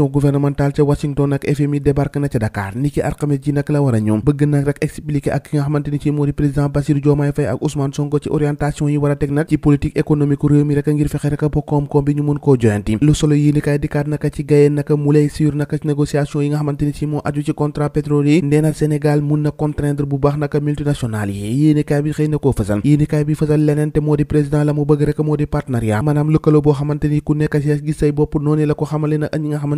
mission ca Washington ak FMI débarque na ca Dakar ni ki ji nag la war a ñoom bëgg nag rek expliquer ak ki nga xamante ci moo di président Bassirou Diomaye Faye ak Ousmane Sonko ci orientation yi war a teg nag ci politique économique réew mi rek ngir fexe rek ba koom-koom bi ñu mën koo joyanti lu solo yi ni naka ci gayee naka mu lay naka négociation yi nga xamante ci moo aju ci contrat pétrole yi nee Sénégal mun na contraindre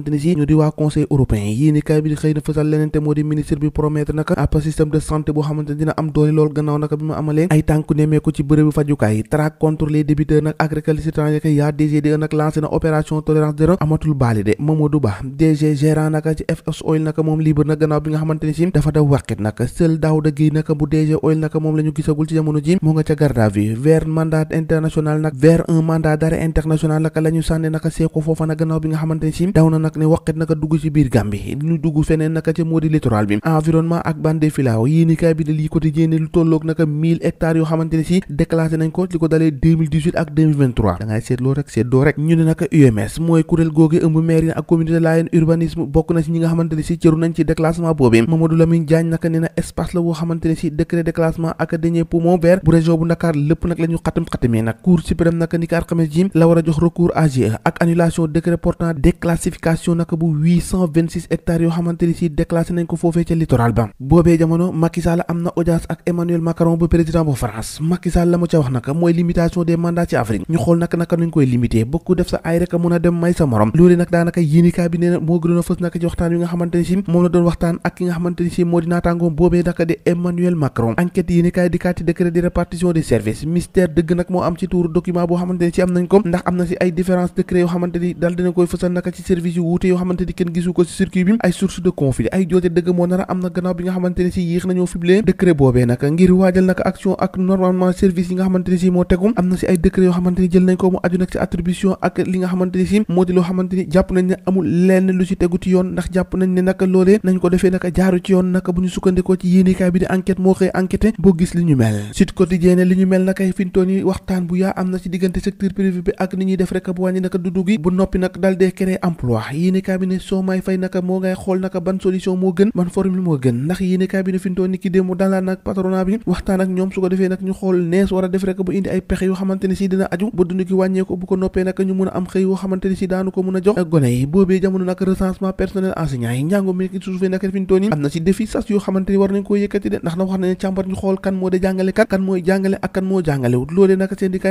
xamante ne si ñu di waa conseil européen yéenekaay bi di xëy na fësal leneen te moo di ministre bi promettre naka ab système de santé boo xamante ne dina am doole lool gannaaw naka bi mu amalee ay tànku nemmeeku ci bërëbu fajukaay traque contre les débiteurs nag agriculture étrangère yaa DGD nag lancé na opération tolérance zéro amatul baali de Mamadou Ba DG gérant naka ci FS Oil naka moom libre nag gannaaw bi nga xamante ne si dafa daw wàqit naka seul Daouda Guèye naka bu DG Oil naka moom la ñu gisagul ci jamono ji moo nga ca garde à vue vers mandat international nag vers un mandat d'arrêt international naka la ñu sànne naka seeko foofa nag gannaaw bi nga xamante ne si daw na nag ne waqit naka dugg ci biir Gàmbi ñu dugg feneen naka ca moo di bi environnement ak bande filao yéenikaay bi ne li ko dalee 2018 ak 2023 da naka UMS mooy kuréel googe ëmb maire yi ak communauté laayeen urbanisme bokk na si ne na espace la boo xamante ne déclassement ak dernier poumon vert bu région bu Ndakaar lépp nag la ñu xatam-xatamee nag cour naka ni ki alxames la war a jox recours AG e ak annulation déclassification population naka bu 826 hectares yoo xamante ni si nañ ko foofee ca littoral ba boobee jamono Macky Sall am na audience ak Emmanuel Macron bu président bu France Macky la mu ca wax naka mooy limitation des mandats ci Afrique ñu naka naka koy limité bokku def sa ay rek a mun a dem may sa morom loolu nag daanaka yéenikaay bi nee moo gënoon a fës naka ci waxtaan wi nga xamante ni moom la doon waxtaan ak ki nga xamante ni moo wuute yoo xamante kenn gisu ko ci circuit bi ay source de conflit ay joote dëgg moo nar am na gannaaw bi nga xamante si yéex nañoo fible décret boobee nag ngir waajal nag action ak normalement service yi nga xamante si moo tegum am na si ay décret yoo xamante si moo di loo xamante si tegu ci yoon ndax jàpp nañ ne nag loolee nañ ko defee nag jaaru ci yoon nag bu ñu sukkandikoo ci yéenekaay bi di enquête moo xëy enquêté boo gis li ñu mel yéenekaay bi ne Diomaye Faye naka moo ngay xool naka ban solution moo gën ban formule moo gën ndax yéenekaay bi bi ne fintoon yi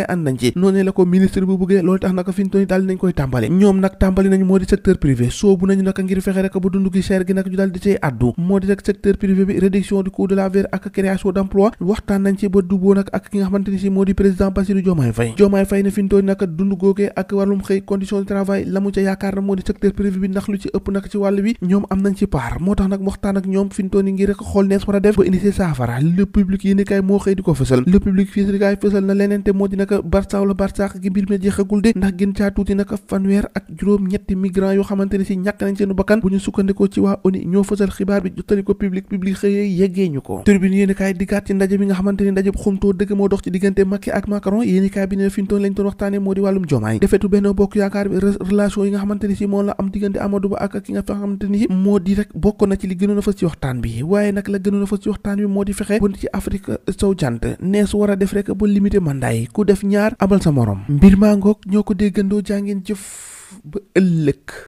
am na ci noonee la ko ministre bu buggee loolu tax naka fintoon yi daal nañ koy tàmbale ñoom nag tàmbali nañ moo di secteur secteur privé soobu nañu naka ngir fexe rek ba dund gi cher gi nag ñu daal di cay addu moo di rek secteur privé bi réduction du coût de la ak création d' waxtaan nañ ci ba duboo nag ki nga xamante si moo di président Bassirou Diomaye Faye Diomaye Faye ne fintoon nag dund googee ak wàllum xëy condition de travail la mu yaakaar na moo di secteur privé bi ndax lu ci ëpp nag ci wàll bi ñoom am nañ ci paar moo tax nag waxtaan ak ñoom fintoon xamante ne si ñàkk nañ seenu bakkan bu ñu sukkandikoo ci waa ONU ñoo fësal xibaar bi jottali ko public public xëyee yeggee ñu ko tribune yéen i kaay dikkaat ci ndaje mi nga xamante ni ndaje bu xumtoo dëgg moo dox ci diggante Macky ak Macron yéen kaay bi ne fintoon lañ doon waxtaane moo di wàllum jomaay defetu benn bokk yaakaar bi relation yi nga xamante ni si moo la am diggante Amadou Ba ak ki nga xamante ni moo di rek bokk na ci li gënoon a fës ci waxtaan bi waaye nag a fës ci waxtaan fexe bu ci Afrique sow a def rek ba limité mandat yi ku def sa morom mbir maa ngoog ñoo ko déggandoo jàngeen jëf ba